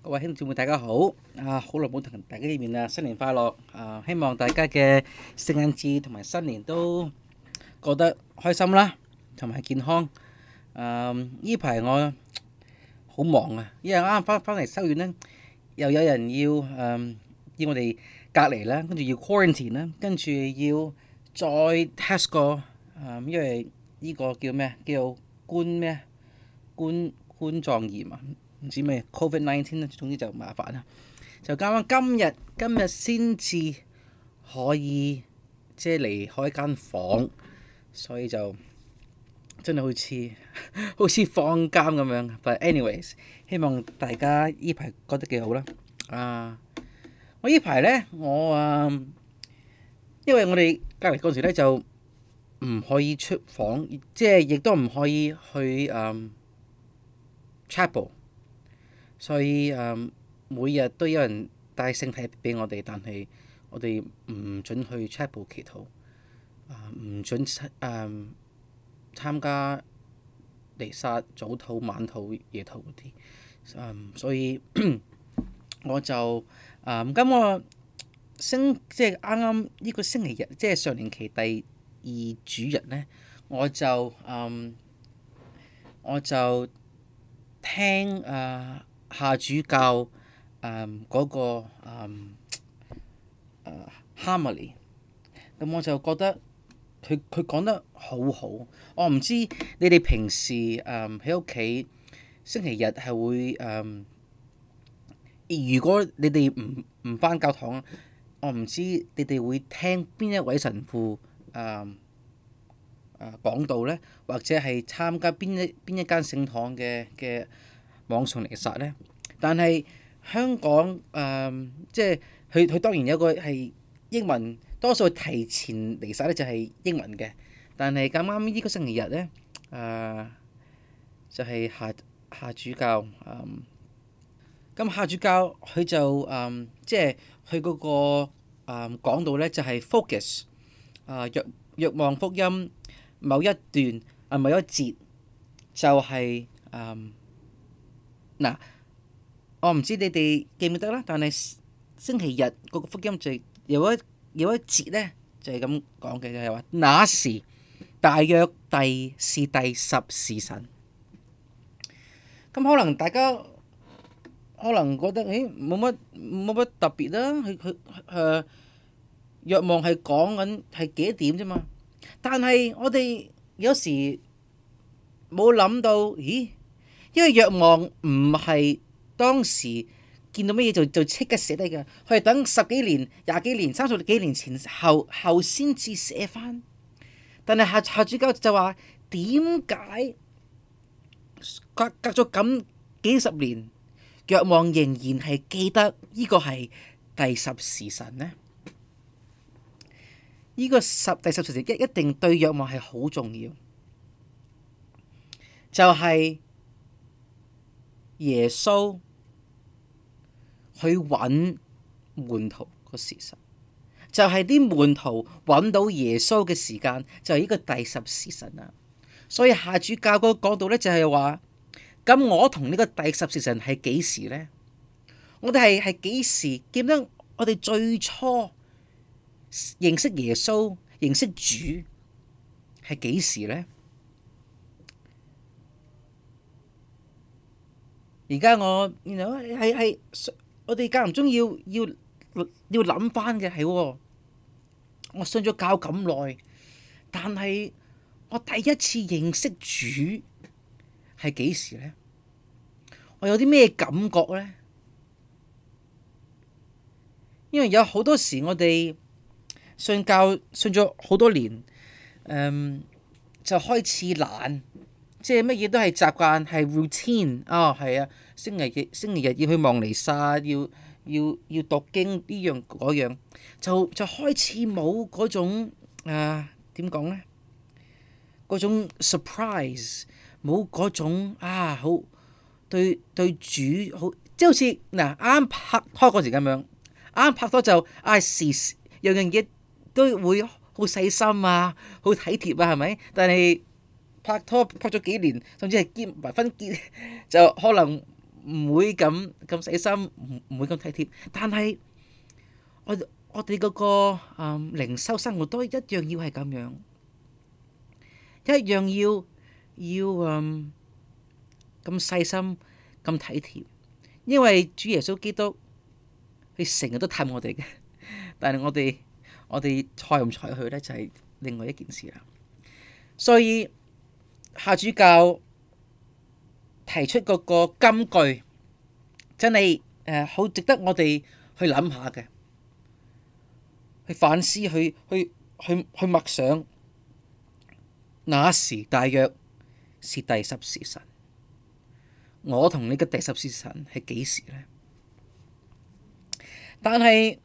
各位兄弟姐妹大家好，啊好耐冇同大家見面啦，新年快樂！啊希望大家嘅聖誕節同埋新年都過得開心啦，同埋健康。誒呢排我好忙啊，因為啱啱翻翻嚟修院咧，又有人要誒要我哋隔離啦，跟住要 quarantine 啦，跟住要再 test 個誒，因為呢個叫咩啊？叫冠咩啊？冠冠狀炎啊！唔知咩？Covid nineteen 咧，19, 總之就麻煩啦。就啱啱今日，今日先至可以即係、就是、離開間房，所以就真係好似 好似放監咁樣。But anyways，希望大家依排覺得幾好啦。啊、uh,，我依排呢，我啊，uh, 因為我哋隔離嗰陣時咧，就唔可以出房，即係亦都唔可以去啊 c h e c 所以誒、嗯，每日都有人帶聖體俾我哋，但係我哋唔準去 check 簿、祈禱，唔、嗯、準出誒、嗯、參加彌撒、早禱、晚禱、夜禱嗰啲，所以 我就誒咁、嗯、我星即係啱啱呢個星期日，即、就、係、是、上年期第二主日咧，我就誒、嗯、我就聽誒。嗯夏主教誒嗰、嗯那個、嗯啊、harmony，咁、嗯、我就覺得佢佢講得好好。我唔知你哋平時喺屋企星期日係會、嗯、如果你哋唔唔返教堂，我唔知你哋會聽邊一位神父誒誒、嗯啊、講道呢，或者係參加邊一邊一間聖堂嘅嘅網上彌撒呢？但係香港誒，即係佢佢當然有個係英文，多數提前嚟曬咧就係英文嘅。但係咁啱呢個星期日咧，誒就係夏夏主教，咁夏主教佢就誒，即係佢嗰個誒講道咧就係 focus 誒，若若望福音某一段啊，某一個節就係誒嗱。我唔、哦、知你哋記唔記得啦，但係星期日嗰個福音就有一有一節呢，就係咁講嘅，就係話，那時大約第是第十時辰。咁可能大家可能覺得，咦，冇乜冇乜特別啦，佢佢誒若望係講緊係幾多點啫嘛。但係我哋有時冇諗到，咦，因為若望唔係。當時見到咩嘢就就即刻寫低嘅，佢係等十幾年、廿幾年、三十幾年前後後先至寫返。但係夏、夏主教就話：點解隔隔咗咁幾十年，若望仍然係記得呢個係第十時辰呢？呢、這個十第十時辰一一定對若望係好重要，就係、是、耶穌。去揾門徒個時辰，就係啲門徒揾到耶穌嘅時間，就係呢個第十時辰啊！所以夏主教個角度咧，就係話：咁我同呢個第十時辰係幾時咧？我哋係係幾時？點解我哋最初認識耶穌、認識主係幾時咧？而家我，你 you 睇 know, 我哋間唔中要要要諗翻嘅係喎，我信咗教咁耐，但係我第一次認識主係幾時呢？我有啲咩感覺呢？因為有好多時我哋信教信咗好多年，嗯，就開始懶。即係乜嘢都係習慣，係 routine。哦，係啊，星期日星期日要去望彌撒，要要要讀經呢樣嗰樣，就就開始冇嗰種啊點講咧？嗰種 surprise，冇嗰種啊好對對主好，即係好似嗱啱拍拖嗰時咁樣，啱拍拖就啊事事樣樣嘢都會好細心啊，好體貼啊，係咪？但係。拍拖拍咗幾年，甚至係結埋婚，結就可能唔會咁咁細心，唔唔會咁體貼。但係我我哋嗰個嗯靈修生活都一樣要係咁樣，一樣要要嗯咁細心咁體貼，因為主耶穌基督佢成日都氹我哋嘅，但係我哋我哋採唔採佢咧？就係另外一件事啦。所以。夏主教提出嗰個金句，真係誒好值得我哋去諗下嘅，去反思、去去去去默想。那時大約是第十時辰，我同你嘅第十時辰係幾時呢？但係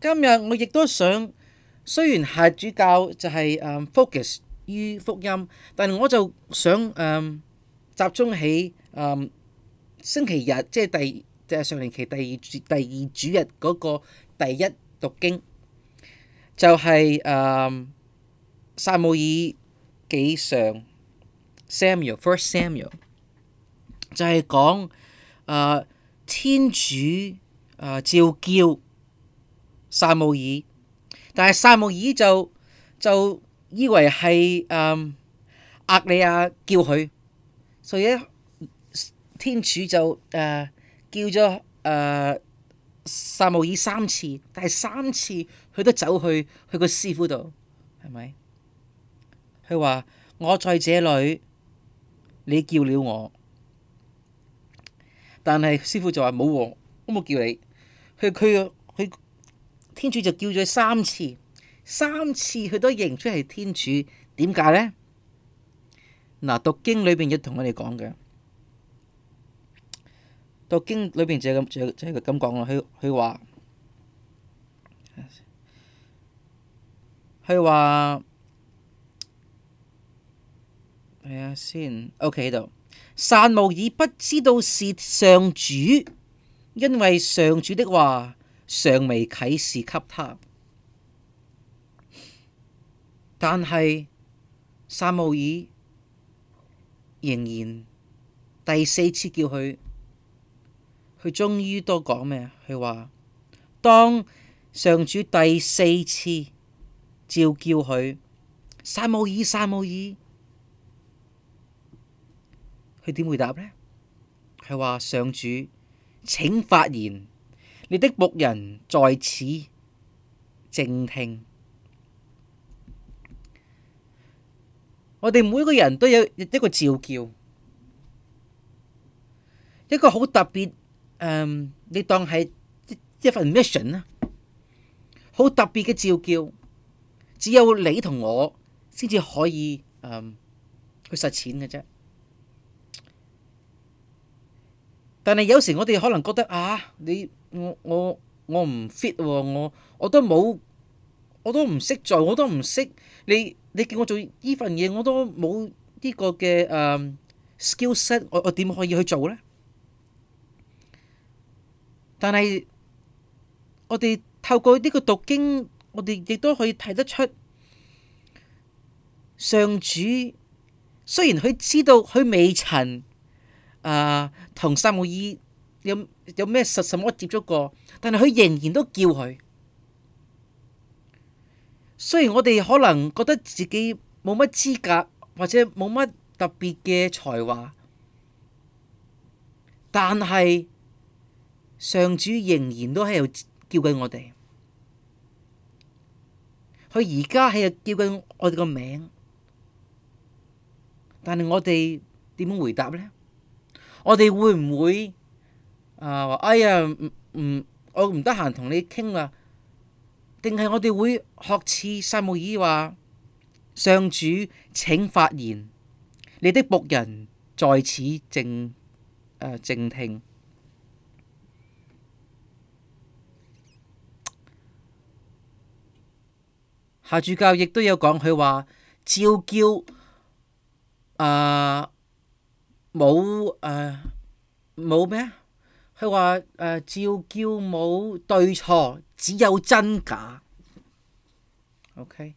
今日我亦都想，雖然夏主教就係 focus。於福音，但係我就想誒、嗯、集中喺誒、嗯、星期日，即係第誒常年期第二第二主日嗰個第一讀經，就係誒撒母耳記上 Samuel First Samuel 就係講誒天主誒、呃、召叫撒母耳，但係撒母耳就就以為係誒壓你啊，叫佢，所以天主就誒、呃、叫咗誒撒慕爾三次，但係三次佢都走去去個師傅度，係咪？佢話我在這裡，你叫了我，但係師傅就話冇喎，我冇叫你。佢佢佢天主就叫咗三次。三次佢都認出係天主，點解呢？嗱、啊，讀經裏邊要同我哋講嘅，讀經裏邊就係咁，就就係咁講啦。佢、佢話，佢話，係啊，先 OK 度，撒慕爾不知道是上主，因為上主的話尚未啟示給他。但係，撒母耳仍然第四次叫佢，佢終於都講咩？佢話：當上主第四次召叫佢，撒母耳，撒母耳，佢點回答咧？佢話：上主請發言，你的僕人在此靜聽。我哋每個人都有一一個召叫，一個好特別誒、嗯，你當係一份 mission 啦，好特別嘅召叫，只有你同我先至可以、嗯、去實踐嘅啫。但係有時我哋可能覺得啊，你我我我唔 fit 喎，我我都冇、哦，我都唔識做，我都唔識，都識你。你叫我做呢份嘢，我都冇呢個嘅誒 skill set，我我點可以去做咧？但係我哋透過呢個讀經，我哋亦都可以睇得出，上主雖然佢知道佢未曾啊同撒母耳有有咩實什麼接觸過，但係佢仍然都叫佢。雖然我哋可能覺得自己冇乜資格，或者冇乜特別嘅才華，但係上主仍然都喺度叫緊我哋。佢而家喺度叫緊我哋個名，但係我哋點樣回答呢？我哋會唔會啊？話哎呀，唔唔，我唔得閒同你傾啦，定係我哋會？學似撒慕爾話：上主請發言，你的僕人在此靜誒，靜聽。夏主教亦都有講，佢話召叫啊冇誒冇咩，佢話誒召叫冇對錯，只有真假。OK，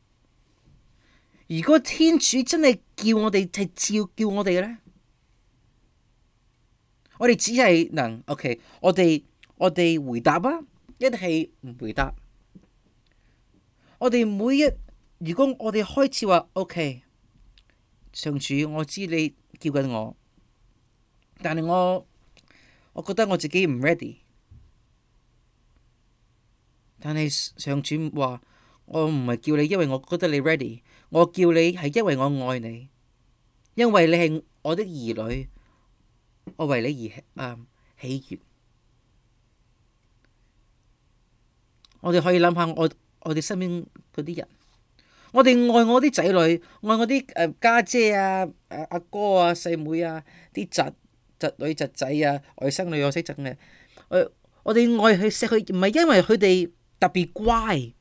如果天主真係叫我哋係召叫我哋嘅呢？我哋只係能 OK，我哋我哋回答啊，一係唔回答。我哋每一，如果我哋開始話 O K，上主我知你叫緊我，但係我我覺得我自己唔 ready，但係上主話。我唔係叫你，因為我覺得你 ready。我叫你係因為我愛你，因為你係我的兒女，我為你而啊喜悅。我哋可以諗下，我我哋身邊嗰啲人，我哋愛我啲仔女，愛我啲誒家姐啊、誒阿哥啊、細妹啊、啲侄侄女侄仔啊、外甥女外甥仔嘅。誒，我哋愛佢錫佢，唔係因為佢哋特別乖。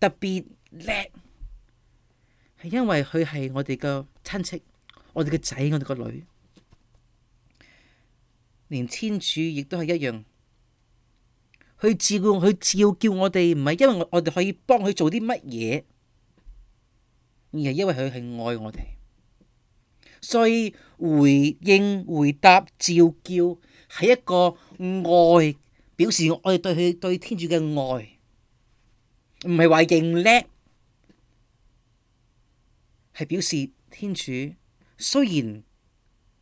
特別叻，係因為佢係我哋嘅親戚，我哋嘅仔，我哋個女，連天主亦都係一樣，佢照顧，佢召叫我哋，唔係因為我哋可以幫佢做啲乜嘢，而係因為佢係愛我哋，所以回應、回答、召叫係一個愛，表示我哋對佢、對天主嘅愛。唔係話認叻，係表示天主，雖然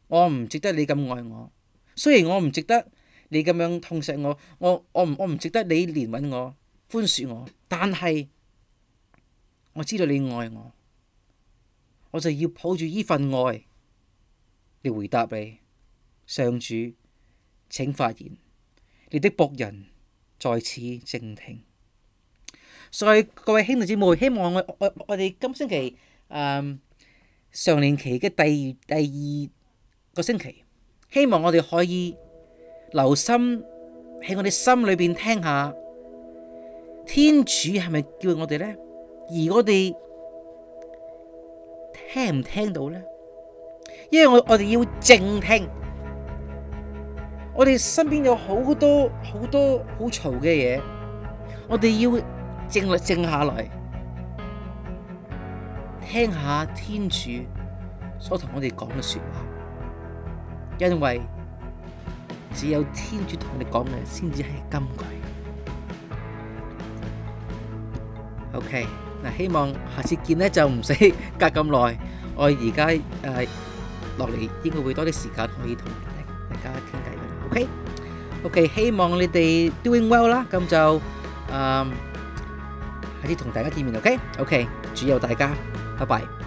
我唔值得你咁愛我，雖然我唔值得你咁樣痛錫我，我我唔我唔值得你憐憫我、寬恕我，但係我知道你愛我，我就要抱住呢份愛，嚟回答你，上主，請發言，你的僕人在此靜聽。所以各位兄弟姊妹，希望我我哋今星期誒、呃、上年期嘅第第二個星期，希望我哋可以留心喺我哋心裏邊聽下天主係咪叫我哋咧？而我哋聽唔聽到咧？因為我我哋要靜聽，我哋身邊有好多好多好嘈嘅嘢，我哋要。靜落靜下來，聽下天主所同我哋講嘅說話，因為只有天主同我哋講嘅先至係金句。OK，嗱，希望下次見咧，就唔使隔咁耐。我而家誒落嚟應該會多啲時間可以同大家傾偈。OK，OK，希望你哋 doing well 啦。咁就誒。下次同大家見面，OK？OK，okay? Okay，主佑大家，拜拜。